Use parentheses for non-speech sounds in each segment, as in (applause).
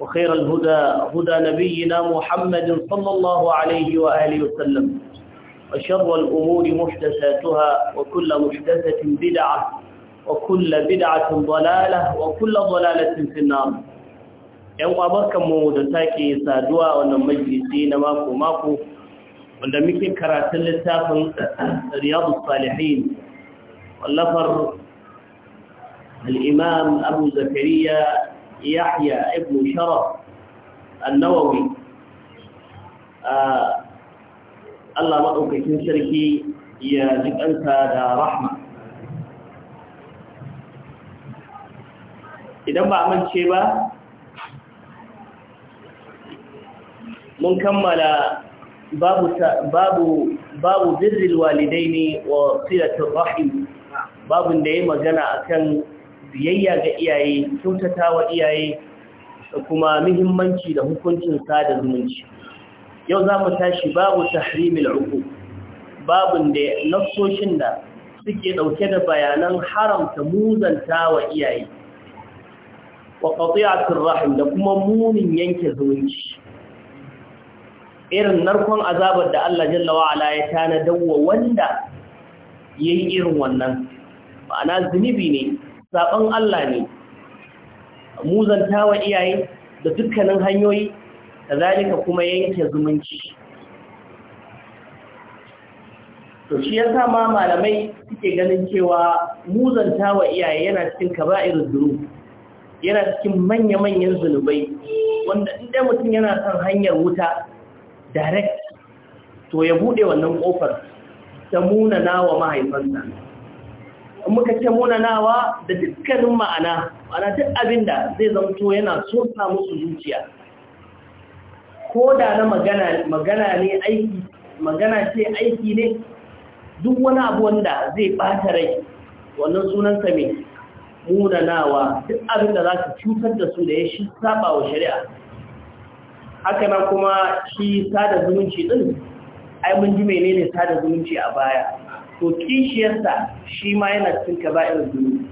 وخير الهدى هدى نبينا محمد صلى الله عليه وآله وسلم وشر الأمور محدثاتها وكل محدثة بدعة وكل بدعة ضلالة وكل ضلالة في النار يوم أبرك مود تاكي سادوا ونمجلسين ماكو ماكو ولمك كراتل لتاف رياض الصالحين واللفر الإمام أبو زكريا يحيى ابن شرف النووي Allah maɗaukakin sarki ya jiƙanta da rahma. Idan ba a amince ba, mun kammala babu babu birril walidai ne wa silatun rahim babu da ya magana akan biyayya ga iyaye kyautata wa iyaye da kuma muhimmanci da hukuncin sada zumunci yau za mu tashi babu tahrimil uku babun da nassoshin da suke ɗauke da bayanan haramta muzanta wa iyaye wa qati'atir rahim da kuma munin yanke zumunci irin narkon azabar da Allah jalla wa ala ya tana dawwa wanda yayi irin wannan ma'ana zunubi ne saɓon Allah ne muzanta wa iyaye da dukkanin hanyoyi da zalika kuma yanke zumunci to shi yasa ma malamai suke ganin cewa muzanta wa iyaye yana cikin kaba'ir zuru yana cikin manya-manyan zunubai wanda inda mutum yana son hanyar wuta direct to ya buɗe wannan ƙofar, ta munana wa mahaifansa muka ce munanawa da dukkanin ma'ana ana duk abinda zai zamto yana so samu musu zuciya ko da na magana ne aiki magana ce aiki ne duk wani abu wanda zai bata rai wannan sunansa mai munanawa duk abinda za ka cutar da su da ya shi saba wa shari'a haka na kuma shi sada zumunci din ai mun ji menene sada zumunci a baya ko kishiyarsa shi ma yana cikin kaba'ir zunubi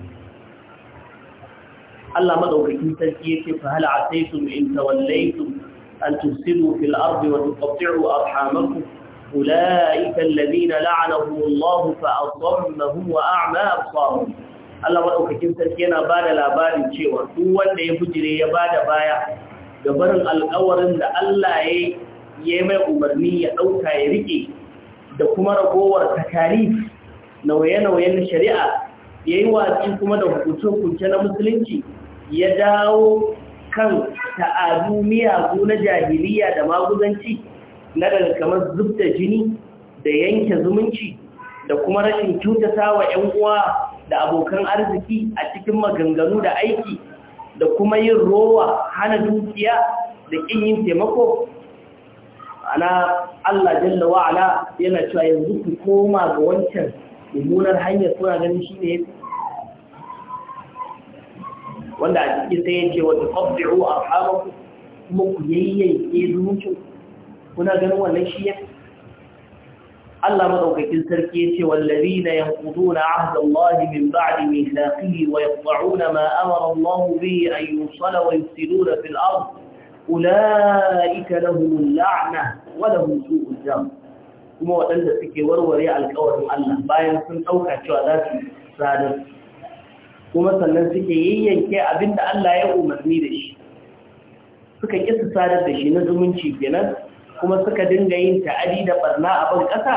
Allah madaukakin sarki yake fa hal asaytum in tawallaytum an tufsidu fil ardi wa tuqatti'u arhamakum أولئك allah لعنهم الله فأصمهم وأعمى أبصارهم Allah maɗaukakin sarki yana ba da labarin cewa duk wanda ya bujire ya ba da baya da barin alƙawarin da Allah ya yi mai umarni ya ɗauka ya riƙe da kuma ragowar takarif nauye-nauyen shari'a ya yi watsi kuma da hukunce-hukunce na musulunci ya dawo kan ta'adu miyagu na jahiliya da maguzanci na daga kamar zub da jini da yanke zumunci da kuma rashin kyautata wa 'yan uwa da abokan arziki a cikin maganganu da aiki da kuma yin rowa hana dukiya da ƙin yin taimako ana Allah jalla wa ala yana cewa yanzu ku koma ga wancan mummunar hanyar kuna ganin shi ne wanda a cikin sai yake wata tsabbi'u a hamaku kuma ku yayyanke zumunci kuna ganin wannan shi ya Allah madaukakin sarki yace wallazina yanquduna 'ahda Allah min ba'di mithaqihi wa yaqta'una ma amara Allah bihi an yusala wa yufsiduna fil ard ulaika lahum la'na wala husu ujam kuma waɗanda suke warware alƙawarin Allah bayan sun ɗauka cewa za su sadar kuma sannan suke yayyanke abinda Allah ya umarni da shi suka ƙi su sadar da shi na zumunci kenan kuma suka dinga yin ta'adi da barna a ban ƙasa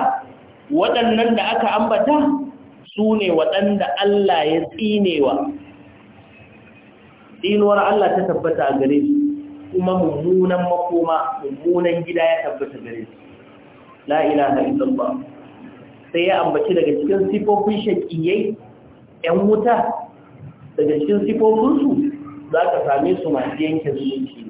waɗannan da aka ambata su ne waɗanda Allah ya tsinewa tsinuwar Allah ta tabbata a gare su kuma mummunan makoma mummunan gida ya tabbata gare shi la ilaha illallah sai ya ambaci daga cikin sifofin shakiyai ɗan wuta daga cikin sifofin su ka same su masu yanke zumunci ne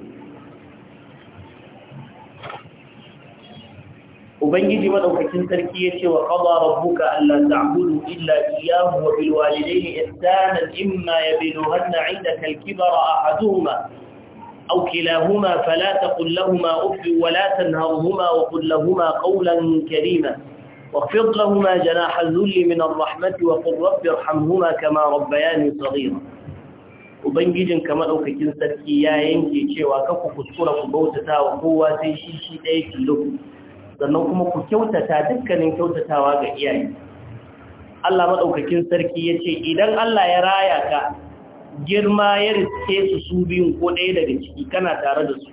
ubangiji madaukakin sarki yace wa qada rabbuka alla ta'budu illa iyyahu wa bil walidayni ihsana imma yablughanna 'indaka al-kibara ahaduhuma أو كلاهما فلا تقل لهما أف ولا تنهرهما وقل لهما قولا كريما واخفض لهما جناح الذل من الرحمة وقل رب ارحمهما كما ربياني صغيرا ubangijin kamar daukakin sarki ya yanke cewa ka kuskura ku bautata wa kowa sai shi shi ɗaya sannan kuma ku kyautata dukkanin kyautatawa ga iyaye Allah maɗaukakin sarki ya ce idan Allah ya raya ka girma ya riske su su biyun ko ɗaya daga ciki kana tare da su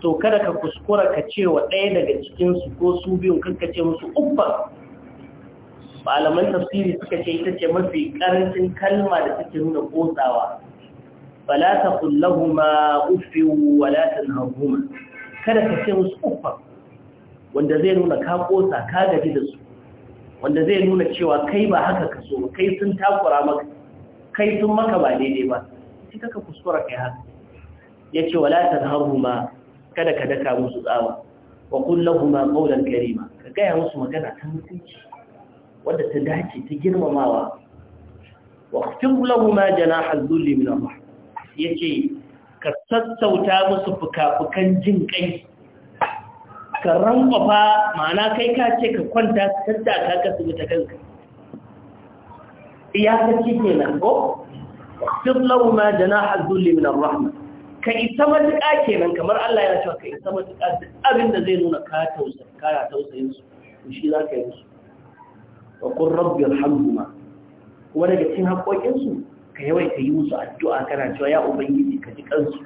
to kada ka kuskura ka ce wa ɗaya daga cikinsu ko su biyun kanka ce musu uffar malaman tafsiri suka ce ita ce mafi ƙarancin kalma da take nuna ƙosawa fala ta kullahuma uffi wala tanhahuma kada ka ce musu uffar wanda zai nuna ka ƙosa ka gaji da su wanda zai nuna cewa kai ba haka ka so kai sun takura maka kai sun maka ba daidai ba sai kaka kuskura kai haka yace wala tadharhuma kada ka daka musu tsawa wa qul lahum qawlan karima ka gaya musu magana ta mutunci Wanda ta dace ta girmamawa wa khfid lahum janaha dhulli min ar yace ka sassauta musu fuka jin kai ka rankwafa ma'ana kai ka ce ka kwanta tattaka ka su ta kanka iyakaci kenan ko sirlau da na dhulli min ar-rahma ka isa matuƙa kenan kamar Allah ya cewa ka isa matuƙa duk abin da zai nuna ka tausa tausayin su to shi za ka yi su. wa qur rabbi irhamhuma kuma daga cikin haƙoƙin su ka yawaita yi musu addu'a kana cewa ya ubangiji ka ji kansu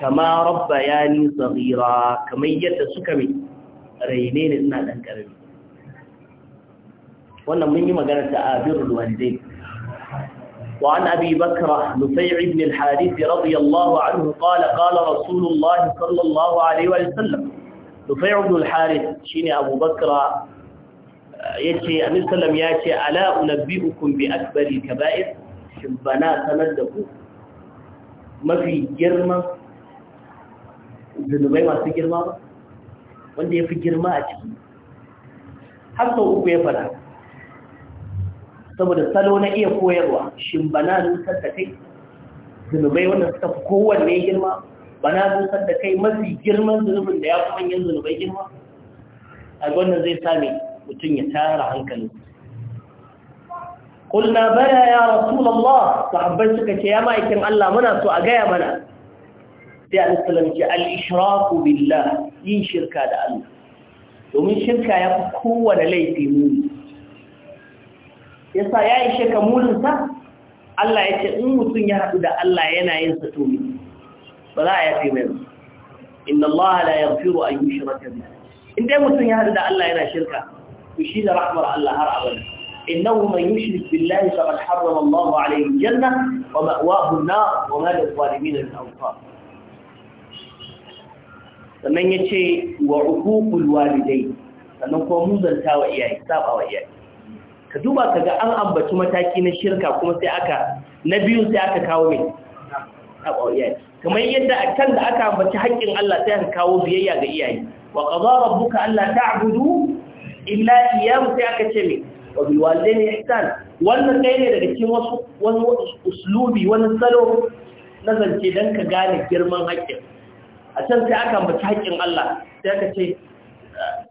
kama rabbayani saghira kamar yadda suka mai raine ne ina ɗan karami wannan mun yi magana ta abirul walidai وعن أبي بكر نفيع بن الحارث رضي الله عنه قال قال رسول الله صلى الله عليه وسلم نفيع بن الحارث شيني أبو بكر يتي أمير سلم ياتي ألا أنبئكم بأكبر الكبائر شبنا سندكم ما في جرمة ذنوبي ما في جرمة وانده في جرمة أجل حتى أبو يفرح saboda salo na iya koyarwa shin bana nusar da kai zunubai wanda suka fi kowanne girma bana nusar da kai mafi girman zunubin da ya fi manyan zunubai girma a wannan zai sami mutum ya tara hankali. kulna bala ya rasulallah sahabbai suka ce ya ma'aikin Allah muna so a gaya mana sai a nasarar al'ishiraku billah yin shirka da Allah domin shirka ya fi kowane laifi muni yasa ya ishe ka Allah ya ce in mutum ya haɗu da Allah yana yin sa tobi ba za a yafe mai ba inna Allah la yaghfiru an yushraka bihi in dai mutum ya haɗu da Allah yana shirka to shi da rahmar Allah har abada innahu man yushrik billahi faqad harrama Allah alayhi janna wa ma'wahu an-nar wa ma lil-zalimin min ansar sannan yace wa uququl dai sannan kuma muzanta wa iyaye saba wa iyaye ka duba ka ga an ambaci mataki na shirka kuma sai aka na biyu sai aka kawo mai kamar yadda a can da aka ambaci haƙƙin Allah sai aka kawo biyayya ga iyaye wa qadha rabbuka alla ta'budu illa iyyahu sai aka ce mai wa bil walidayni ihsan wannan kai ne daga cikin wani uslubi wani salo na zance dan ka gane girman haƙƙin a can sai aka ambaci haƙƙin Allah sai aka ce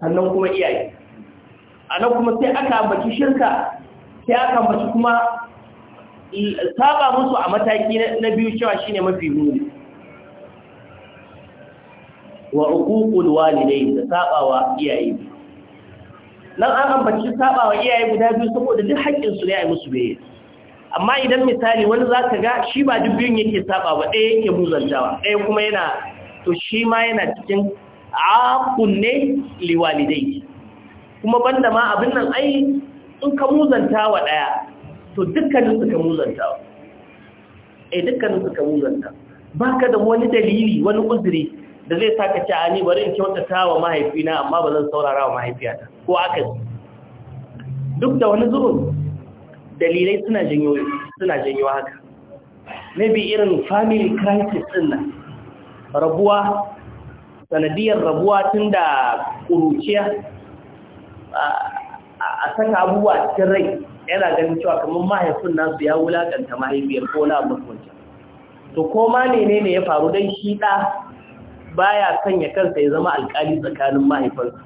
sannan kuma iyaye a nan kuma sai aka ambaci shirka sai aka ambaci kuma saba musu a mataki na biyu cewa shine mafi muni wa uququl walidayn da sabawa iyaye nan an ambaci sabawa iyaye guda biyu saboda duk haƙƙin su ne a musu biyayya amma idan misali wani zaka ga shi ba duk biyun yake saba ba ɗaya yake muzantawa ɗaya kuma yana to shi ma yana cikin aqul ne liwalidayhi kuma banda ma abin nan ai in ka muzanta wa ɗaya to dukkanin su ka muzanta eh dukkanin su ka muzanta ba da wani dalili wani uzuri da zai sa ka ci a bari in kyautata wa mahaifina amma ba zan saurara wa mahaifiyata ko aka duk da wani zurun dalilai suna janyo suna janyo haka maybe irin family crisis din nan rabuwa sanadiyar rabuwa tun da ƙuruciya a saka abubuwa cikin rai yana ganin cewa kamar mahaifin nasu ya wulakanta mahaifiyar ko na mutunci to ko ma ne ya faru don shi ba ya sanya kansa ya zama alkali tsakanin mahaifinsu.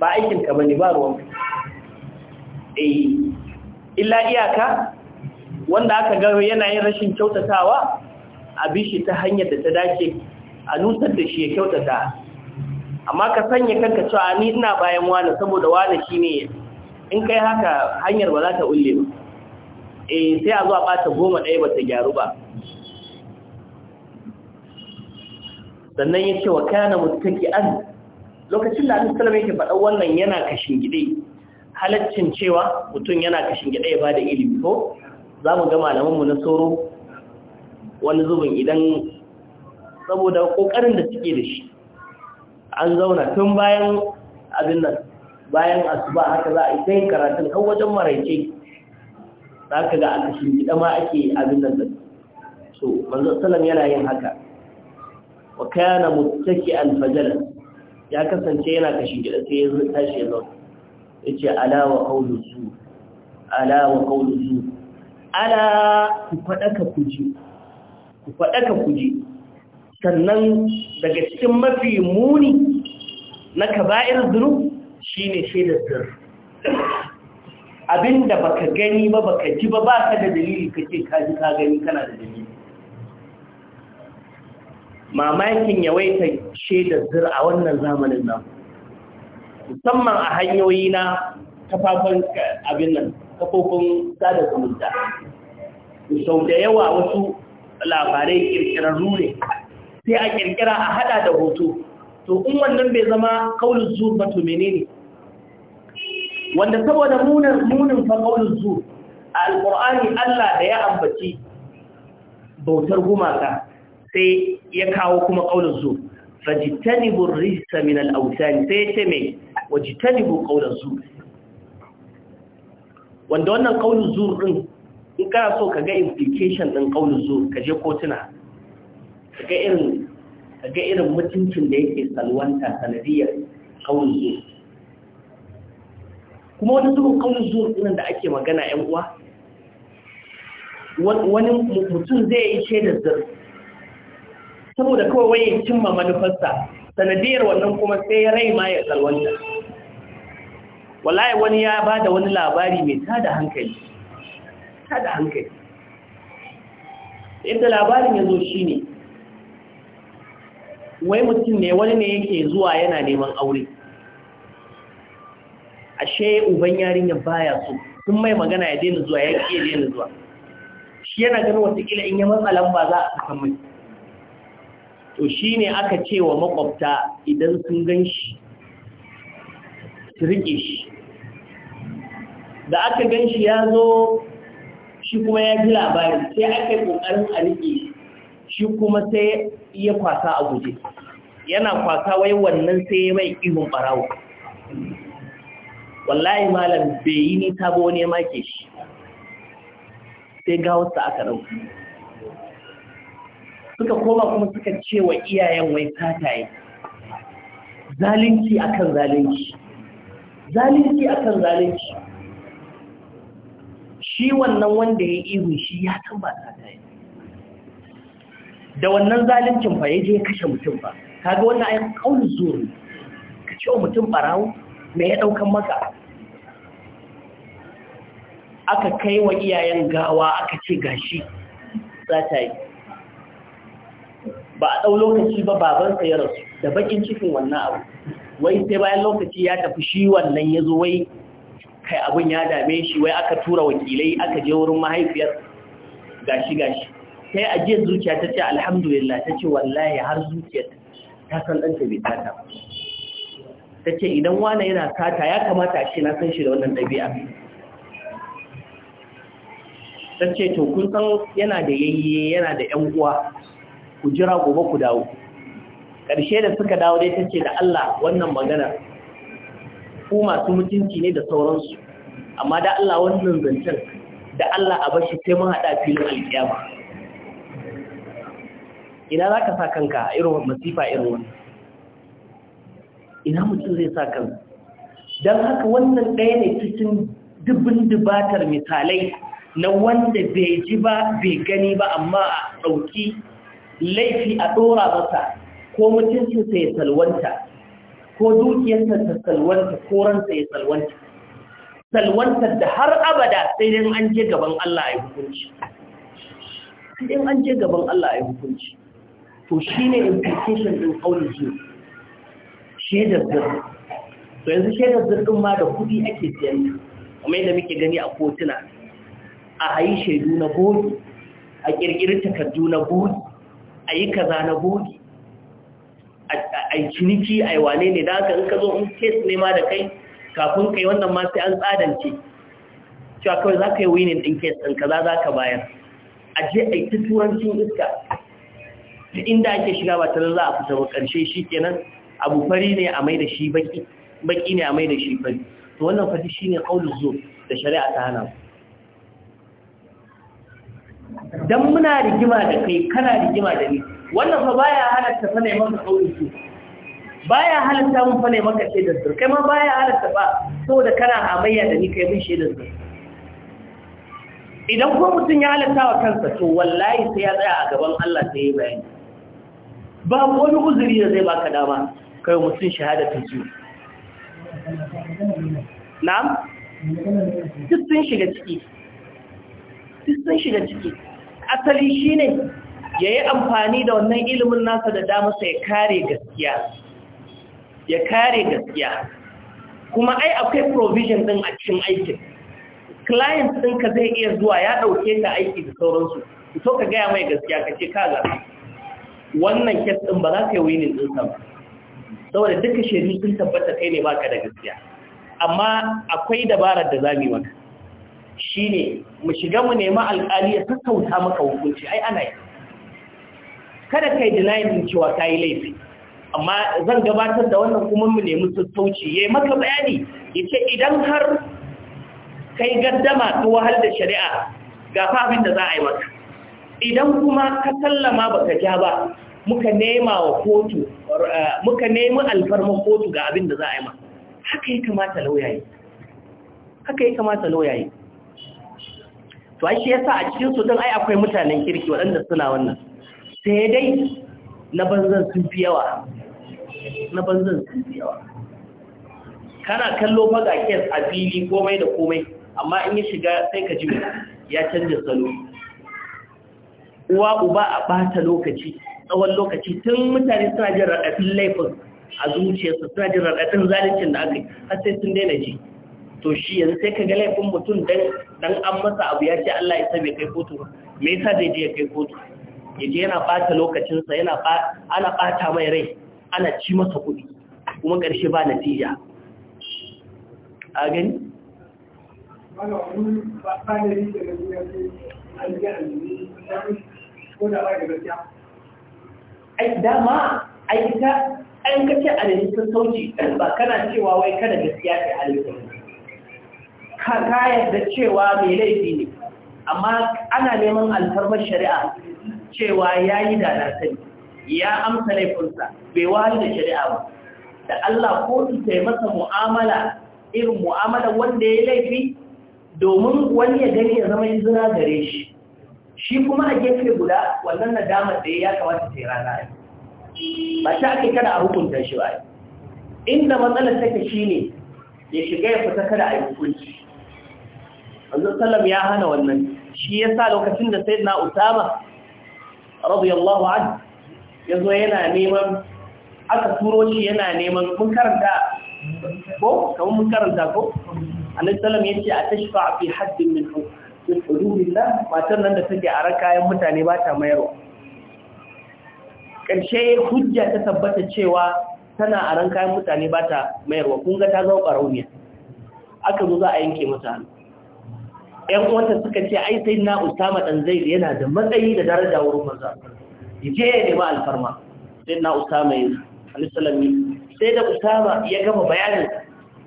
ba aikin ka bane ba ruwan eh illa iyaka wanda aka gano yana yin rashin kyautatawa a bishi ta hanyar da ta dace a nusar da shi ya kyautata amma ka sanya kanka cewa ni ina bayan wani saboda wani ne in kai haka hanyar ba za ta ulle ba eh sai a zo bata goma ɗaya ba ta gyaru ba sannan ya ce wa kana an lokacin da Annabi sallallahu alaihi wasallam yake faɗa wannan yana kashin gide halaccin cewa mutum yana kashin gida ya bada ilimi ko za mu ga malamanmu na soro wani zubin idan saboda ƙoƙarin da suke da shi an zauna tun bayan abin nan bayan asuba haka za a yi sayin karatun kan wajen maraice za ka ga aka gida ma ake abin nan zai so manzo salam yana yin haka wa kana muttaki alfajala ya kasance yana kashin gida sai ya tashi ya zauna yace ala wa qawlu zu ala wa qawlu zu ala ku ka kuje. ku ka kuje. sannan daga cikin mafi muni na kaba'ir zuru shi ne shaidar zuru abinda baka gani ba baka ji ba ba ka da dalili ka ka ji ka gani kana da dalili mamakin yawaita shaidar zuru a wannan zamanin nan musamman a hanyoyi na kafafen abin nan kafofin sada zumunta sau da yawa wasu labarai kirkirarru ne sai a kirkira a hada da hoto to in wannan bai zama kaulin zuwa ba to menene wanda saboda munin munin fa kaulin zuwa a alqur'ani Allah da ya ambaci bautar gumaka sai ya kawo kuma kaulin zuwa fajtanibu rijsa min al-awthan sai ce me wajtanibu qawlan zur wanda wannan qawlun zur din in kana so ka ga implication din qawlun zur ka je kotuna kaga irin kaga irin mutuncin da yake salwanta sanadiyar kaunin zuwa kuma wani zuwa kaunin zuwa ɗinan da ake magana ‘yan uwa wani mutum zai yi shaidar zar saboda kawai waye cimma manufarsa sanadiyar wannan kuma sai rai ma ya salwanta wallahi wani ya ba da wani labari mai tada hankali tada hankali inda labarin ya zo shi ne wai mutum ne wani ne yake zuwa yana neman aure ashe uban yarinyar baya so sun mai magana ya daina zuwa ya ke daina zuwa shi yana ganin watakila in yi matsalan ba za a san mai to shi aka ce wa makwabta idan sun gan shi su riƙe shi da aka gan shi ya zo shi kuma ya ji labari sai aka yi ƙoƙarin a riƙe shi kuma sai ya kwasa a guje yana kwasa wai wannan sai ya mai ihun barawo wallahi malam bai yi ni ta wani ma ke shi sai gawarsa aka ɗauka suka koma kuma suka ce wa iyayen wai kataye zalunci akan zalunci zalunci akan zalunci shi wannan wanda ya ihun shi ya tambata tayi. da wannan zalincin fa ya je kashe mutum fa kaga wannan ai kaulin zuri ka ce wa mutum barawo me ya daukan maka aka kai wa iyayen gawa aka ce gashi za ta yi ba a ɗau lokaci ba babansa ya rasu da bakin cikin wannan abu wai sai bayan lokaci ya tafi shi wannan ya zo wai kai abin ya dame shi wai aka tura wakilai aka je wurin mahaifiyar gashi gashi sai a jiya zuciya ta ce alhamdulillah ta ce wallahi har zuciya ta san ɗanta bai tata ta ce idan wane yana sata ya kamata shi ce na san shi da wannan ɗabi'a ta ce to kun san yana da yayye yana da 'yan uwa ku jira gobe ku dawo ƙarshe da suka dawo dai ta ce da Allah wannan magana ku masu mutunci ne da sauransu amma da Allah wannan zancen da Allah a bashi sai mun haɗa filin alƙiyama ina za ka sa kanka irin masifa irin wani ina mutum zai sa kan don haka wannan ɗaya ne cikin dubin dubatar misalai na wanda bai ji ba bai gani ba amma a ɗauki laifi a ɗora masa ko mutuncinsa ya salwanta ko dukiyarsa ta salwanta ko ransa ya salwanta salwantar da har abada sai dai an je gaban Allah ya hukunci sai dai an je gaban Allah ya hukunci to shi ne implication ɗin ƙaunin su shaidar zirgin to yanzu shaidar zirgin ma da kuɗi ake siyan kuma yadda muke gani a kotuna a hayi shaidu na bogi a kirkiri takardu na bogi a yi kaza na bogi a yi ciniki a yi wane ne da haka in ka zo in kes ne ma da kai kafin kai wannan ma sai an tsadance cewa kawai za ka yi winin ɗin kes ɗin kaza za ka bayar a je a yi ta turancin iska duk inda ake shiga ba tare za a fita ba ƙarshe shi kenan abu fari ne a mai da shi baki baki ne a mai da shi fari to wannan fari shi ne ƙaunar zo da shari'a ta hana don muna rigima da kai kana rigima da ni wannan fa baya halatta fa ne maka ƙaunar zo baya halatta mun fa ne maka shaidar zur kai ma baya halatta ba saboda kana hamayya da ni kai min da zur idan ko mutum ya halatta wa kansa to wallahi sai ya tsaya a gaban Allah sai ya bayani babu wani uzuri da zai baka dama kai mutum ta zu na'am sun shiga ciki sun shiga ciki asali shine yayi amfani da wannan ilimin nasa da dama sai kare gaskiya ya kare gaskiya kuma ai akwai provision din a cikin aikin client ɗinka zai iya zuwa ya ɗauke ka aiki da sauransu to ka gaya mai gaskiya ka ce kaza wannan kes ɗin ba za ka yi winin tsinsa ba saboda duka shaidu sun tabbata kai ne baka da gaskiya amma akwai dabarar da za mu yi maka shi ne mu shiga mu nema alƙali ya sassauta maka hukunci ai ana yi kada ka yi denying cewa ka yi laifi amma zan gabatar da wannan kuma mu nemi sassauci ya yi maka bayani ya ce idan har kai gaddama ta wahal da shari'a ga fafin da za a yi maka idan kuma ka sallama baka ja ba muka nema wa kotu muka nemi alfarmar kotu ga abin da za a yi ma haka ya kamata lauyayi haka ya kamata lauyayi to ai shi yasa a cikin su don ai akwai mutanen kirki waɗanda suna wannan sai dai na banzan sun fi yawa na banzan sun fi yawa kana kallo faga kes a fili komai da komai amma in ya shiga sai ka ji ya canja salo uwa uba a ɓata lokaci tsawon lokaci tun mutane suna jin raɗaɗin laifin a zuciyarsa, suna jin raɗaɗin zaluncin da aka yi har sai sun daina ji to shi yanzu sai ka ga laifin mutum dan an masa abu ya ce Allah ya bai kai kotu ba me yasa zai je ya kai kotu ya je yana ɓata lokacinsa yana ana bata mai rai ana ci masa kuɗi kuma ƙarshe ba natija a gani? dama ai ita an kace a da sauci ba kana cewa wai kada gaskiya ke alaihi ka ka yadda cewa mai laifi ne amma ana neman alfarmar shari'a cewa yayi da na ya amsa laifinsa bai wahal da shari'a ba da Allah ko su tai masa mu'amala irin mu'amala wanda ya laifi domin wani ya gani ya zama izina gare shi shi kuma a gefe guda wannan nadamar da ya kamata ta yi rana ba ta ake kada a hukunta shi ba inda matsalar take shi ne ya shiga ya fita kada a yi hukunci wanzu Salam ya hana wannan shi ya sa lokacin da sai na usama yallahu an ya zo yana neman aka turo shi yana neman mun karanta ko kamar mun karanta ko alaihi sallam ya ce a tashfa fi haddin min hukum fi matan nan da take a kayan mutane ba ta mayarwa ƙarshe hujja ta tabbata cewa tana aran kayan mutane ba ta mayarwa kun ta zama ƙarauniya. aka zo za a yanke mutane ‘yan uwanta suka ce ai sai na usama ɗan zai yana da matsayi da daraja wurin maza je ya nema alfarma sai na usama yi alisalami sai da usama ya gama bayanin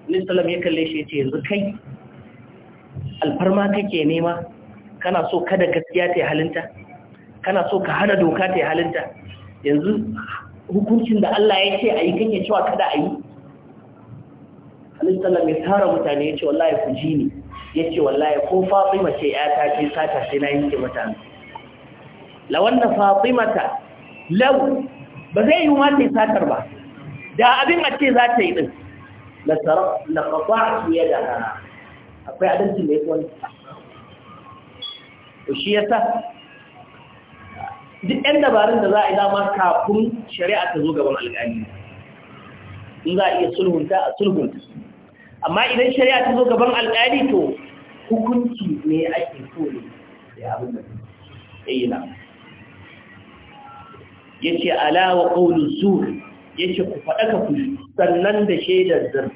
alisalami ya kalle shi ya ce yanzu kai alfarma kake nema kana so kada gaskiya ta halinta kana so ka hana doka ta halinta yanzu hukuncin da Allah ya ce a yi kake cewa kada a yi alisallam ya tara mutane ya ce wallahi ku ji ni ya ce wallahi ko fatima ce ya ta ce sata sai na yanke mutane fatima ta lau ba zai yi wata satar ba da abin a ce za ta yi din la sarrafa la qata'a yadaha akwai adalci mai wani to shi yasa duk ɗan dabarun da za a yi dama kafin shari'a ta zo gaban alƙali in za a iya sulhunta a sulhunta amma idan shari'a ta zo gaban alƙali to hukunci ne ake so ne da abin da ya yi na ya ce alawa ƙaunin zuwa ya ce ku faɗa ka fushi sannan da shaidar zir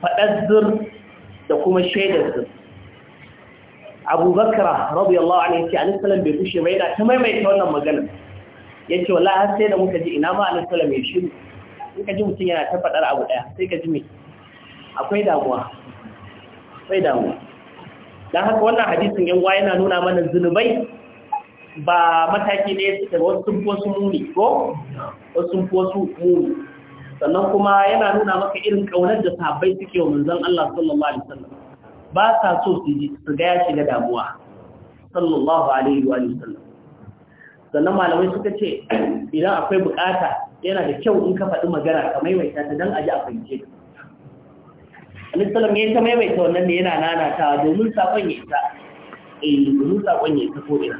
faɗar zir da kuma shaidarsu abubakar radiyallahu anhu ya ce sallallahu bai kushe ba yana ta maimaita wannan magana Ya ce wallahi har sai da muka ji ina ma annabi ya shiru in ka ji mutum yana ta faɗar abu ɗaya sai ka ji mai akwai damuwa akwai damuwa dan haka wannan hadisin yan uwa yana nuna mana zunubai ba mataki ne suka wasu sun fi wasu muni ko wasu sun fi wasu muni sannan kuma yana nuna maka irin kaunar da sahabbai suke wa manzon Allah sallallahu alaihi wasallam ba sa so su ji su ga ya shiga damuwa sallallahu alaihi wa sallam sannan malamai suka ce idan akwai bukata yana da kyau in ka faɗi magana ka maimaita ta dan aji a fahimce ka Annabi sallallahu alaihi wasallam ya maimaita wannan ne yana nanatawa domin sakon ya isa eh domin sakon ya isa ko ina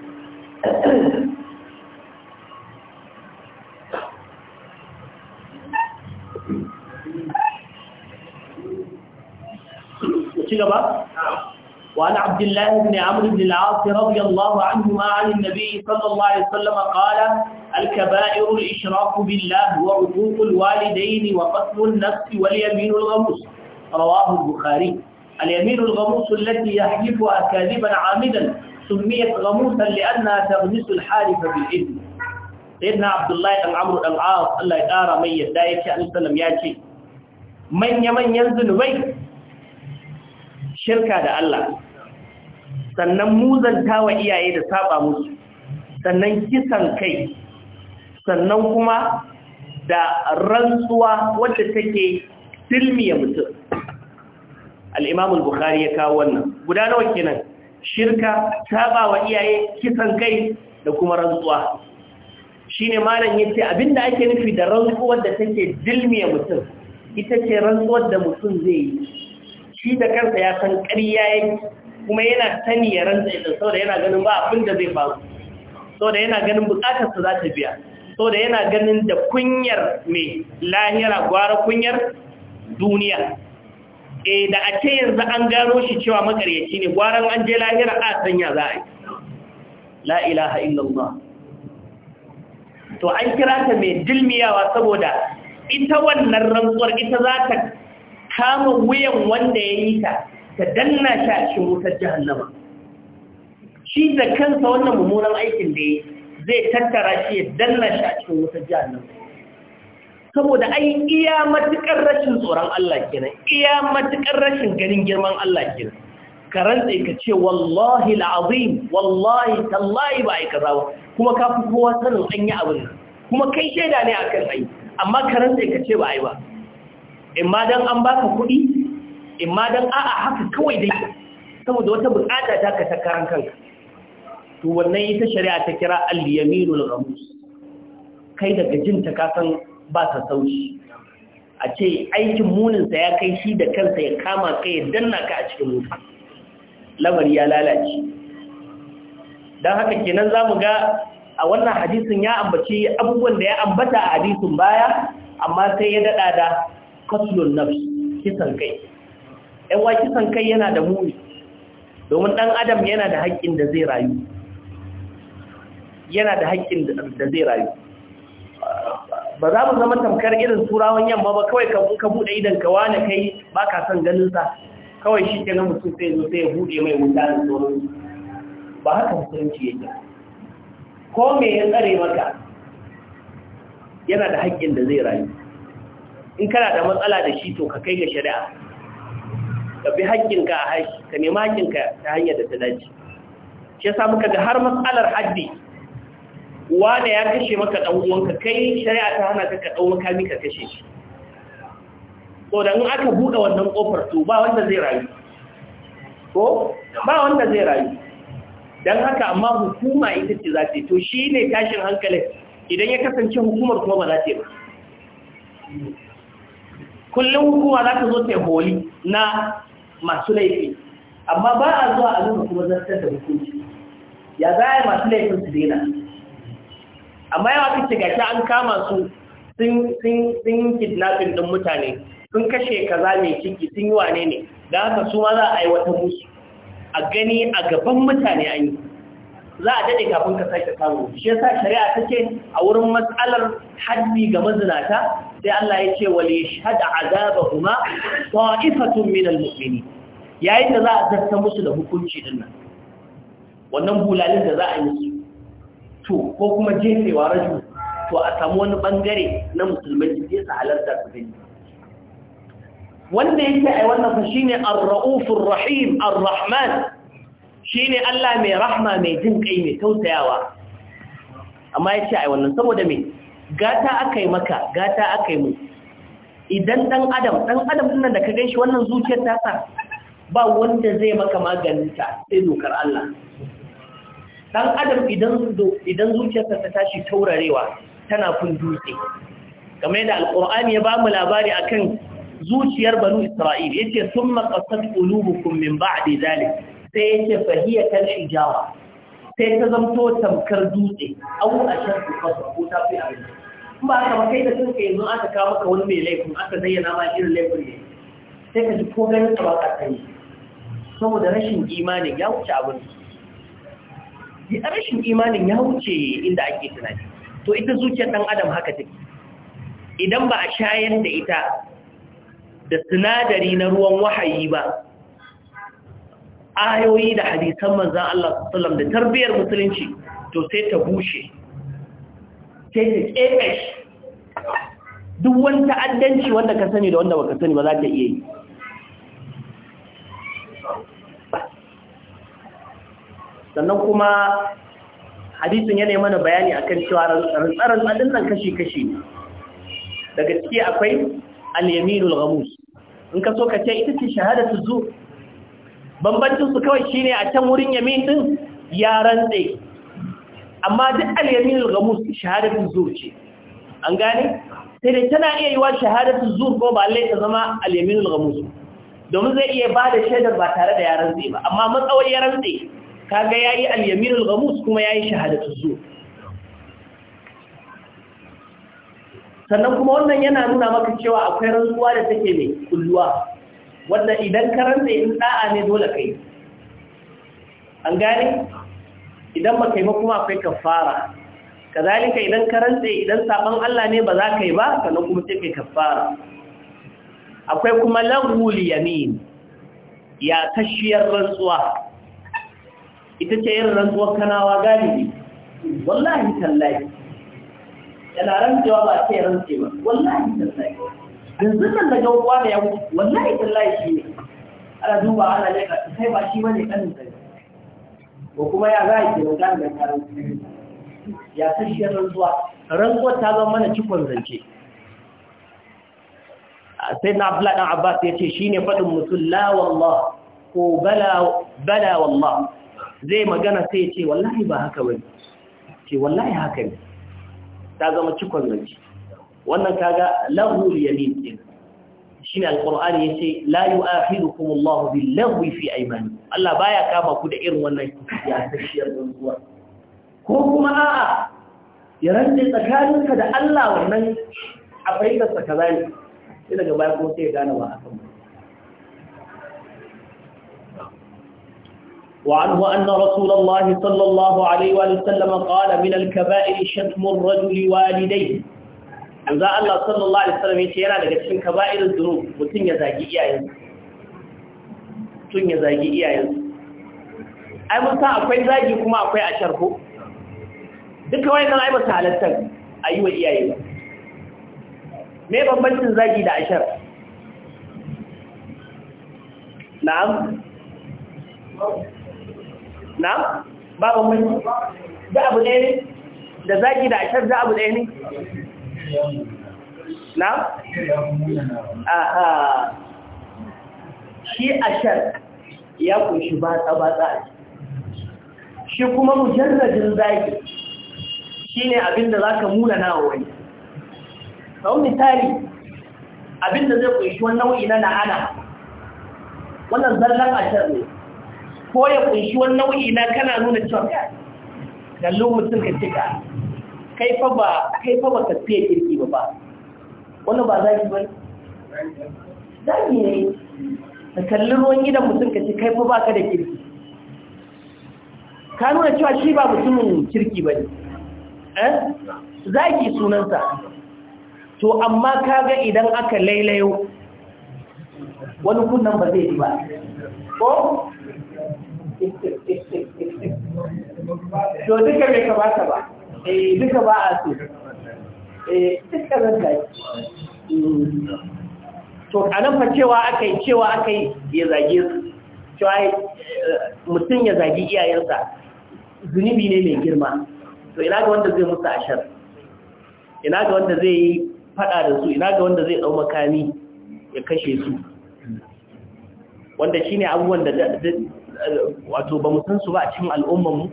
وعن عبد الله بن عمرو بن العاص رضي الله عنهما عن النبي صلى الله عليه وسلم قال الكبائر الإشراك بالله وعقوق الوالدين وقتل النفس واليمين الغموس رواه البخاري اليمين الغموس التي يحلفها كاذبا عامدا سميت غموسا لأنها تغمس الحالف بالإذن سيدنا عبد الله بن عمرو بن العاص الله يدار من لا يشاء صلى الله عليه يا شيخ من يمن ينزل بيت shirka da Allah sannan muzanta iyaye da saba musu sannan kisan kai sannan kuma da rantsuwa wadda take silmiya mutum al ya kawo wannan guda nawa kenan shirka saba wa iyaye kisan kai da kuma rantsuwa Shi shine malam ce abinda ake nufi da rantsuwar da take dilmiya mutum ita ce rantsuwar da mutum zai yi shi da kansa ya san ƙarya yi kuma yana sani ya ranta idan sau da yana ganin ba abin da zai faru Sau da yana ganin bukatarsa za ta biya Sau da yana ganin da kunyar mai lahira gwara kunyar duniya E, da a ce yanzu an gano shi cewa makaryaci ne gwaran an je lahira a sanya za a yi la ilaha illallah to an kira ta mai dilmiyawa saboda ita wannan rantsuwar ita za ta kama wuyan wanda ya yi ta ta danna shi a cikin wutar jahannama shi da kansa wannan mummunan aikin da ya zai tattara shi ya danna shi a cikin wutar jahannama saboda ai iya matukar rashin tsoron Allah kenan iya matukar rashin ganin girman Allah kenan ka rantsa ka ce wallahi al'azim wallahi tallahi ba ai kaza ba kuma ka fi kowa sanin an yi abin kuma kai shaida ne akan ai amma ka rantsa ka ce ba ai ba in ma dan an baka kuɗi in ma dan a'a haka kawai dai saboda wata bukata ta ka ta karan kanka to wannan ita shari'a ta kira al-yaminul ghamus kai daga jin ta kasan ba ta sauci a ce aikin muninsa ya kai shi da kansa ya kama kai ya danna ka a cikin mota lamari ya lalace dan haka kenan zamu ga a wannan hadisin ya ambaci abubuwan da ya ambata a hadisin baya amma sai ya daɗa da qatlun nafs kisan kai ɗan wa kisan kai yana da muni domin ɗan adam yana da haƙƙin da zai rayu yana da haƙƙin da zai rayu ba za mu zama tamkar irin turawan yamma ba kawai ka buɗe idan ka wane kai ba ka son ganinsa kawai shi ke nan mutum sai sai ya buɗe mai wuta da tsoron ba haka musulunci yake ko me ya tsare maka yana da haƙƙin da zai rayu in kana da matsala da shi to ka kai ga shari'a ka bi haƙƙinka a haƙƙi ka nemi haƙƙinka ta hanyar da ta dace shi yasa muka ga har matsalar haddi wanda ya kashe maka dan uwanka kai shari'a ta hana ka ka dau makami ka kashe shi ko dan aka buɗe wannan kofar to ba wanda zai rayu ko ba wanda zai rayu dan haka amma hukuma ita ce za ta to shine tashin hankalin idan ya kasance hukumar kuma ba za ta yi ba kullum hukuma za ta zo ta holi na masu laifi amma ba a zuwa a zuwa kuma zartar da hukunci ya za a yi masu laifin su daina amma yawa kan ce gashi an kama su sun kidnapping ɗin mutane sun kashe kaza mai ciki sun yi wane ne da haka su ma za a aiwata musu a gani a gaban mutane an yi za a daɗe kafin ka sake samu shi yasa shari'a ta ce a wurin matsalar haddi ga mazinata sai Allah ya ce wal yashhad azabahuma ta'ifatun min almu'minin yayin da za a zarta musu da hukunci din nan wannan bulalin da za a yi to ko kuma jefewa raju, to a samu wani bangare na musulmai da su halarta su wanda yake ai wannan shine ar-raufur rahim ar-rahman Shi ne Allah mai rahma mai jin kai mai tausayawa amma ya ce a yi wannan saboda mai gata aka yi maka gata aka yi mu idan dan adam dan adam suna da ka shi wannan zuciyar ta ba wanda zai maka maganinta sai dokar Allah dan adam idan idan zuciyarsa ta tashi taurarewa tana kun dutse game da alqur'ani ya mu labari akan zuciyar banu isra'il yace summa qassat qulubukum min ba'di zalik sai yake fahiyar kan shijawa sai ta zamto tamkar dutse abu a shan dukkan ko ta fi abin in ba aka makai da yi zuwa aka kawo maka wani mai laifin aka zayyana ma irin laifin ne sai ka ji ko ganin ta ba ka sani saboda rashin imanin ya wuce abin rashin imanin ya wuce inda ake tunani to ita zuciyar ɗan adam haka take idan ba a shayar da ita da sinadari na ruwan wahayi ba ayoyi da hadisan manzan Allah sallam da tarbiyyar musulunci to sai ta bushe sai ta ƙeƙash duk wani ta'addanci wanda ka sani da wanda ba ka sani ba za ta iya yi sannan kuma hadisin yanayi mana bayani a kan cewa rantsarar tsadin nan kashi-kashi daga ciki akwai al-yaminul in ka so ka ce ita ce shahadatu zuwa bambancin su kawai shine a can wurin yamin din ya amma duk al-yamin al-ghamus shahadatu zur ce an gane sai dai tana iya yiwa shahadatu zur ko ba lai ta zama al-yamin al-ghamus domin zai iya ba da shaidar ba tare da ya rantse ba amma matsawar ya kaga yayi al-yamin al-ghamus kuma yayi shahadatu zur sannan kuma wannan yana nuna maka cewa akwai rantsuwa da take mai kulluwa wanda idan karanta in da'a ne dole kai an gane idan ba kai ba kuma akwai kafara kazalika idan karanta idan saban Allah ne ba za ka yi ba sannan kuma sai kai kafara akwai kuma lahul yamin ya tashiyar rantsuwa ita ce yin rantsuwar kanawa galibi wallahi tallahi yana rantsuwa ba ce rantsuwa wallahi tallahi yanzu nan daga uwa da ya mutu wallahi tallahi shi ne ana duba ana ne kai ba shi bane kanin sai ko kuma ya za ki rugan da karin ya san shi zuwa ran rantsuwa ta zama mana cikon zance sai na Abdullah dan Abbas ya ce shine fadin musulla wallah ko bala bala wallah zai magana sai ya ce wallahi ba haka bane ce wallahi haka ne ta zama cikon zance wannan kaga lahu yamin din shine alqur'ani yace la yu'akhidukum Allah bil lahwi fi aymanikum Allah baya kama ku da irin wannan ya tashiyar rantsuwa ko kuma a'a ya rantsa tsakaninka da Allah wannan a fahimtar sa kaza ne sai daga baya kuma sai ya gane ba akan وعنه أن رسول الله صلى الله عليه وسلم قال من الكبائر شتم الرجل والديه Anza Allah sallallahu alaihi wasallam yace yana daga cikin kaba'irin dhunub mutun ya zagi iyayen Tun ya zagi iyayen ai mun san akwai zagi kuma akwai a ko duka wani kan aibata a yi wa iyaye ba me bambancin zagi da ashar na'am na'am ba bambanci da abu ɗaya ne da zagi da ashar da abu ɗaya ne na? aha shi a shar ya kunshi batsa-batsa shi kuma mujalladin zaki shi ne abinda za ka muna na wani sau misali abinda zai kunshi wani nau'i na na'ana wannan zallan a shar ne ko ya kunshi wani nau'i na kana nuna cewa kallon mutum ka cika kai fa ba kai fa ba ka fiye kirki ba ba wannan ba zaki ba ki ne ka kalli ruwan gidan mutum ka ce kai fa ba ka da kirki ka nuna cewa shi ba mutumin kirki ba ne eh ki sunansa to amma ka ga idan aka lailayo wani kunnan ba zai yi ba ko (laughs) to duka bai kamata ba Eh, duka ba a so eh duka zan ta mm. to a nan cewa aka yi cewa aka yi ya zage su cewa eh, mutum ya zagi iyayensa zunubi ne mai girma to ina ga wanda zai musu ashar ina ga wanda zai yi fada da su ina ga wanda zai dau makami ya kashe su wanda shine abubuwan da wato ba mu san su ba a cikin al'ummar mu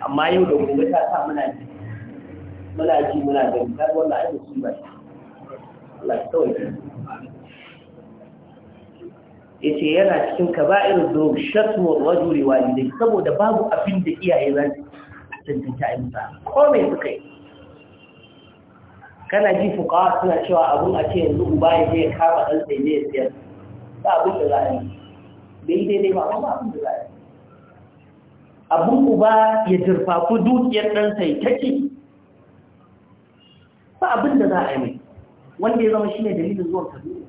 amma yau da gobe ta sa muna ji muna ji muna gani ta wanda ake su ba Allah ya ce yace yana cikin kaba'ir dhunub shatmu rajuli walidai saboda babu abin da iyaye za su tantance a musa ko me suka yi kana ji fuka suna cewa abun a ce yanzu uba ya je ya kama ɗan sai ne ya siyar ba abin da za a yi bai daidai ba ba abin da za a yi abun uba ya jirfafi dukiyar ɗansa ya take ba abin da za a yi mai wanda ya zama shi ne dalilin zuwa kaduna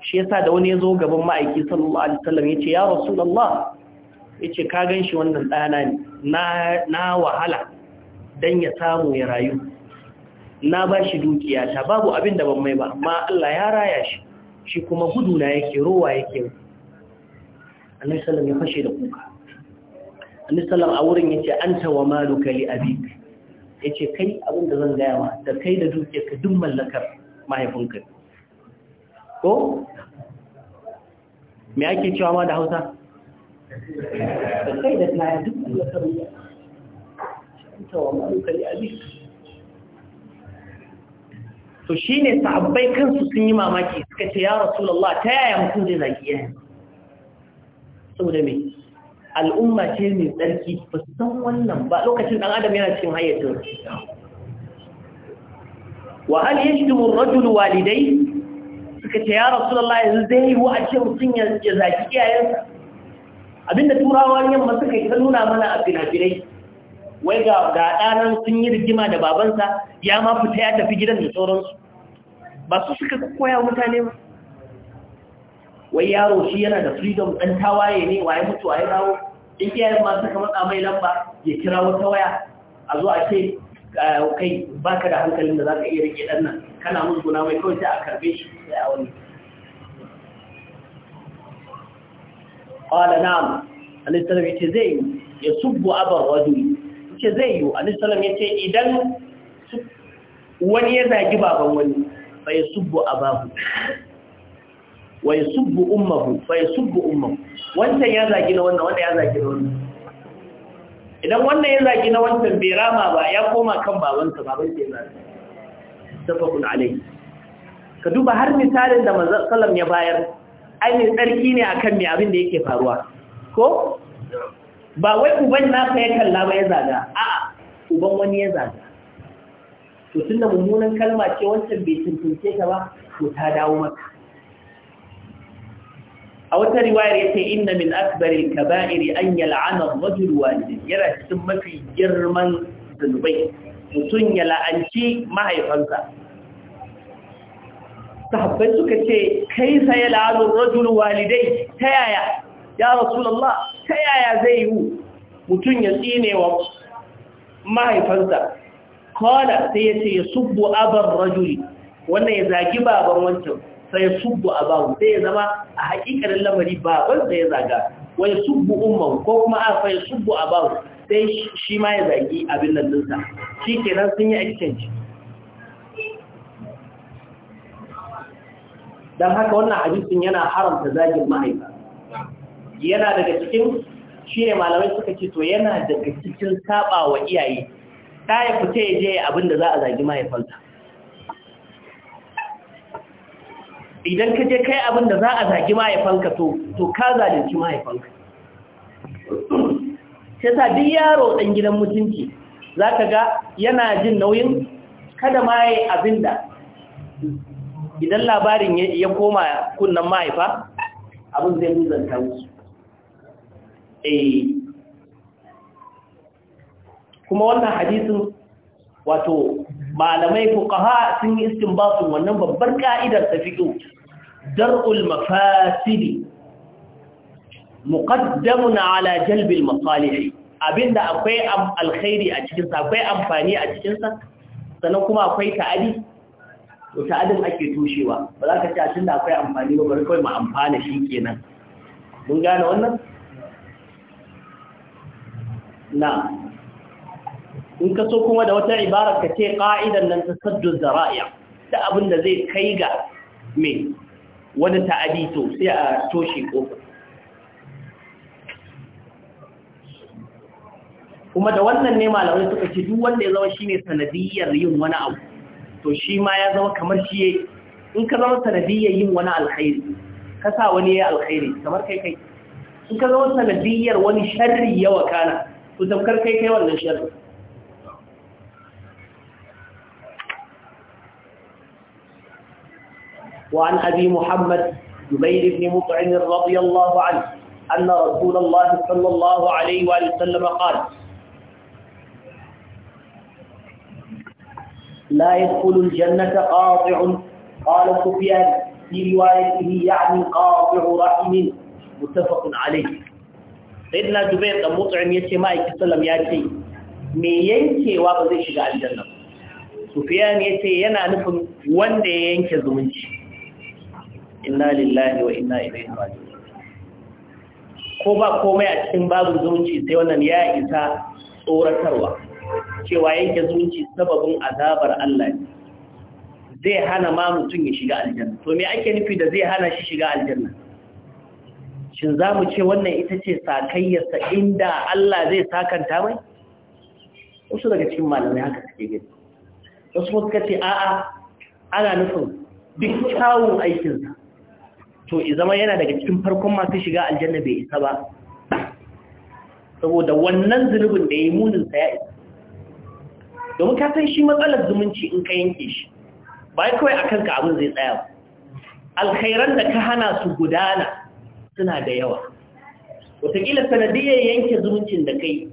shi yasa da wani ya zo gaban ma'aiki sallallahu alaihi wasallam ya ce ya rasulallah ya ka gan shi wannan ɗana ne na wahala Dan ya samu ya rayu na ba shi dukiya ta babu abin da ban mai ba amma Allah ya raya shi shi kuma guduna yake rowa yake annabi sallam ya fashe da kuka annabi sallam a wurin yace anta wa maluka li abik yace kai abin da zan gaya ma da kai da ka duk mallakar mahaifinka ko me ake cewa ma da Hausa da kai da kaya duk mallakar An wa maluka li abik to shine sahabbai kansu sun yi mamaki suka ce ya rasulullah ta yaya mutum zai zaki yayin saboda mai al'umma ce mai tsarki ba su san wannan ba lokacin ɗan adam yana cikin hayyacin wa hal yashdumu ar-rajulu walidai suka ce ya rasulullah yanzu zai yi wa a ce mutum ya zaki iyayensa abinda turawan yamma suka yi ta nuna mana a finafinai wai ga ɗanan sun yi rigima da babansa ya ma fita ya tafi gidan da sauransu ba su suka koya mutane ba wai yaro shi yana da freedom ɗan tawaye ne waye mutu waye dawo in iyayen ma suka matsa mai lamba ya kira wata waya a zo a ce kai baka da hankalin da za ka iya rike ɗan nan kana musguna mai kawai sai a karbe shi sai a wani ƙwada na'am alisalam ya ce zai yi ya subbu abar wadu ce zai yi alisalam ya ce idan wani ya zagi baban wani bai subbu abahu wa yasubbu ummuhu fa yasubbu ummuhu Wancan ya zagi na wannan wanda ya zagi na wannan idan wannan ya zagi na wancan bai rama ba ya koma kan babansa baban sai zagi tafakun alai ka duba har misalin da manzon sallam ya bayar ainihin tsarki ne akan me abin da yake faruwa ko ba wai uban naka ya kalla ba ya zaga a'a uban wani ya zaga to tunda mummunan kalma ce wancan bai tuntunce ta ba to ta dawo maka a wata riwayar yace inna min akbari kaba'iri an yal'ana rajul walidin yana cikin mafi girman zunubai mutum ya la'anci mahaifansa sahabbai suka ce kai sa ya la'anu rajul walidai ta yaya ya rasulullah ta yaya zai yi mutum ya tsine wa mahaifansa kawada sai ya ce ya subbu abar rajuli wannan ya zagi baban wancan sai subbu abahu sai ya zama a hakikarin lamari baban sai ya zaga Wai ya subbu umman ko kuma a fa ya subbu abahu sai shi ma ya zagi abin nan dinsa shikenan sun yi exchange dan haka wannan hadisin yana haramta zagin mahaifa yana daga cikin shi ne malamai suka ce to yana daga cikin saba wa iyaye ta fita ya je abin da za a zagi mahaifansa idan ka je kai abin da za a zagi mahaifanka to to ka zalunci mahaifanka sai sa duk yaro dan gidan mutunci zaka ga yana jin nauyin kada ma ya abinda idan labarin ya koma kunnan mahaifa abin zai muzanta musu eh. kuma wannan hadisin wato malamai fuqaha sun yi istinbatun wannan babbar ka'idar ta fito dar'ul mafasidi muqaddamun ala jalbil masalih abinda akwai alkhairi a cikin sa akwai amfani a cikin sa sannan kuma akwai ta'adi to ta'adin ake tushewa ba za ka ce a cikin da akwai amfani ba bari kawai mu amfana shi kenan mun gane wannan Na. in ka so kuma da wata ibarar ka ce ƙa'idan nan ta saddu zara'iya ta abin da zai kai ga mai wani ta'adi to sai a toshe ƙofa. kuma da wannan ne malamai suka ce duk wanda ya zama shi ne sanadiyyar yin wani abu to shi ma ya zama kamar shi ya in ka zama sanadiyyar yin wani alkhairi ka sa wani ya alkhairi kamar kai kai in ka zama sanadiyyar wani sharri yawa kana ku tamkar kai kai wannan sharri وعن أبي محمد جبير بن مطعم رضي الله عنه أن رسول الله صلى الله عليه وآله وسلم قال لا يدخل الجنة قاطع قال سفيان في روايته يعني قاطع رحم متفق عليه سيدنا جبير بن مطعم يتي صلى الله عليه وسلم me yankewa ba zai shiga aljanna Sufyan yace yana nufin wanda ya yanke zumunci inna lillahi wa inna ilaihi raji'un ko ba komai a cikin babu zumunci sai wannan ya isa tsoratarwa cewa yake zumunci sababin azabar Allah ne zai hana ma mutum ya shiga aljanna to me ake nufi da zai hana shi shiga aljanna shin za mu ce wannan ita ce sa inda Allah zai sakanta mai wasu daga cikin malamai haka suke gani wasu suka ce a'a ana nufin duk kyawun aikinsa to zama yana daga cikin farkon masu shiga aljanna bai isa ba saboda wannan zunubin da ya yi muninsa ya isa domin ka san shi matsalar zumunci in ka yanke shi ba kawai a kanka abin zai tsaya ba alkhairan da ka hana su gudana suna da yawa wataƙila sanadiyar yanke zumuncin da kai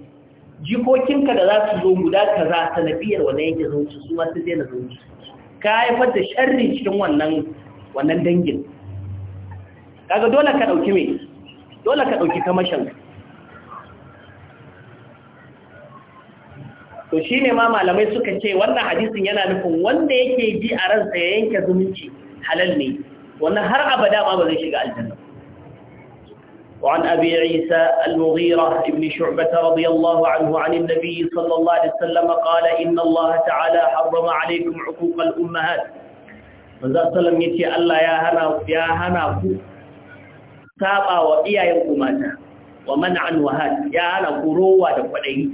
jikokinka da za su zo guda kaza sanadiyar wannan yanke zumunci su ma su daina zumunci ka haifar da sharri cikin wannan dangin kaga dole ka dauki me dole ka dauki kamashin to shine ma malamai suka ce wannan hadisin yana nufin wanda yake ji a ransa ya yanke zumunci halal ne wannan har abada ma ba zai shiga aljanna وعن أبي عيسى المغيرة بن شعبة رضي الله عنه عن النبي صلى الله عليه وسلم قال إن الله تعالى حرم عليكم عقوق الأمهات manzo sallam yace Allah ya hana ya hana ku saba wa iyayen mata wa man'an wahad ya hana kurowa da kwaɗayi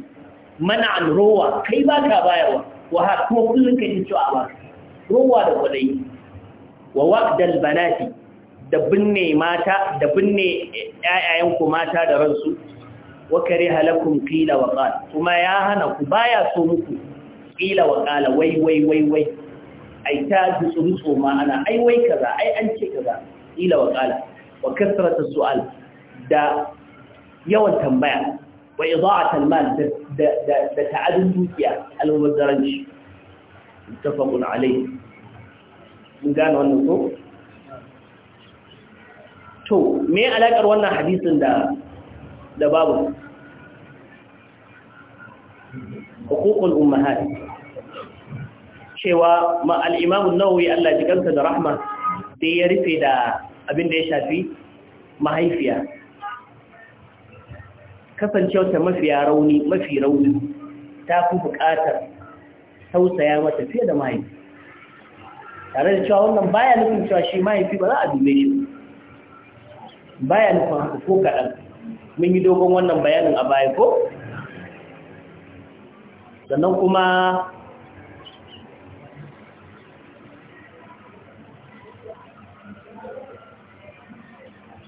man'an rowa kai ba ka bayarwa wahad kuma kullum ka ji cewa ba rowa da kwaɗayi wa waqdal banati da binne mata da binne iyayen ku mata da ransu wa kariha lakum qila wa qal kuma ya hana ku baya so muku qila wa qala wai wai wai wai ai ta tsumtso ma ana ai wai kaza ai an ce kaza qila wa qala wa kasrata su'al da yawan tambaya wa ida'atul mal da da ta'adun dukiya almubazzaranci muttafaqun alayhi in gane wannan ko to me alakar wannan hadisin da da babu hukukul ummahat cewa ma al-imam an-nawawi Allah ya kansa da rahma sai ya rufe da abin da ya shafi mahaifiya kasancewata mafiya rauni mafi rauni ta fi buƙatar tausaya mata fiye da mahaifi tare da cewa wannan baya nufin cewa shi mahaifi ba za a dube shi baya nufin haka ko kaɗan mun yi dogon wannan bayanin a baya ko sannan kuma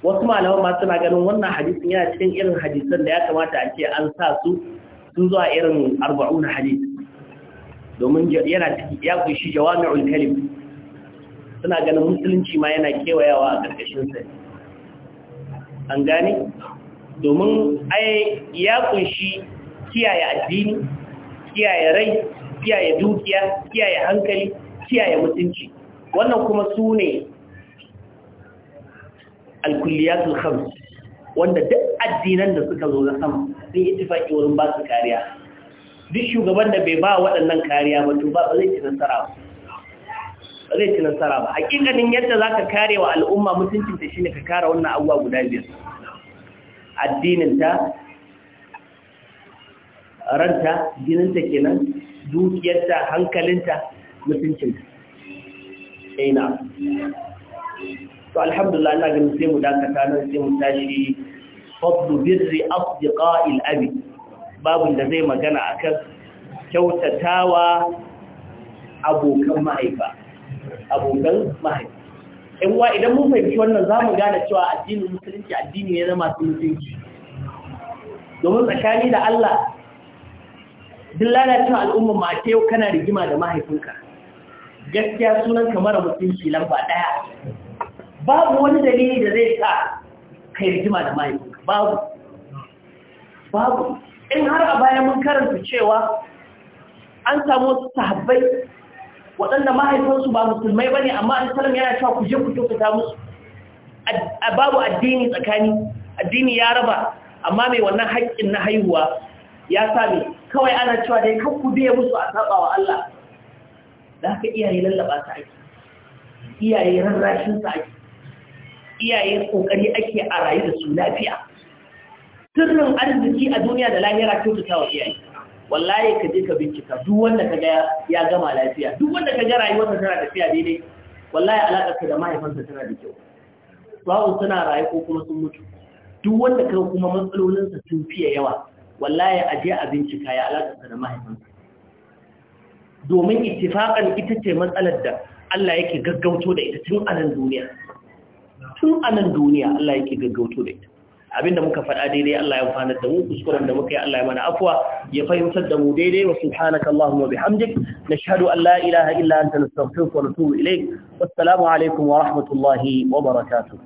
wasu malaman ma suna ganin wannan hadisin yana cikin irin hadisan da ya kamata a ce an sa su sun zuwa irin arba'un hadis domin yana ciki ya kunshi jawami'ul kalim suna ganin musulunci ma yana kewayawa a ƙarƙashin sa an gane domin ai ya kunshi kiyaye addini kiyaye rai kiyaye dukiya kiyaye hankali kiyaye mutunci wannan kuma su ne alkulliyatul khams wanda duk addinan da suka zo na sama sun yi tufaki wurin ba su kariya duk shugaban da bai ba waɗannan kariya ba to ba zai ci nasara ba zai ci nasara ba hakikanin yadda za ka kare wa al'umma mutuncinta shi ne ka kare wannan abuwa guda biyar Addinin ta, ranta jininta kenan dukiyarta hankalinta mutuncin ina to alhamdulillah ina ganin sai mu dakata nan sai mu tashi fadlu birri asdiqa'il abi babun da zai magana akan kyautatawa abokan mahaifa abokan mahaifa in wa idan mun fahimci wannan za mu gane cewa addinin musulunci addini ne na masu mutunci domin tsakani da Allah duk lalacin al'umma ma ta yau kana rigima da mahaifinka gaskiya sunan kamar mutunci lamba ɗaya babu wani dalili da zai sa kai rigima da mahaifinka babu babu in har a bayan mun karanta cewa an samu wasu sahabbai waɗanda mahaifinsu ba musulmai ba ne amma an salam yana cewa ku je ku tokata musu babu addini tsakani addini ya raba amma mai wannan haƙƙin na haihuwa ya sami kawai ana cewa dai kan ku biya musu a saba wa Allah da haka iyaye lallaba ta aiki iyaye rarrashin sa aiki. iyaye kokari ake a rayu da su lafiya sirrin arziki a duniya da lahira kyautata wa iyaye wallahi ka je ka bincika duk wanda ka ga ya gama lafiya duk wanda ka ga rayuwarsa tana tafiya daidai wallahi ka da mahaifansa tana da kyau babu suna rayu ko kuma sun mutu duk wanda ka kuma matsalolinsa sun fiye yawa wallahi a je a bincika ya ka da mahaifansa domin ittifaqan ita ce matsalar da Allah yake gaggauto da ita tun a nan duniya tun a nan duniya Allah yake gaggauto da ita abinda muka faɗa daidai Allah ya amfana da mu kuskuren da muka yi Allah ya mana afwa ya fahimtar da mu daidai wa subhanaka allahumma bihamdik nashhadu an la ilaha illa anta nastaghfiruka wa natubu ilayk alaikum wa rahmatullahi wa barakatuh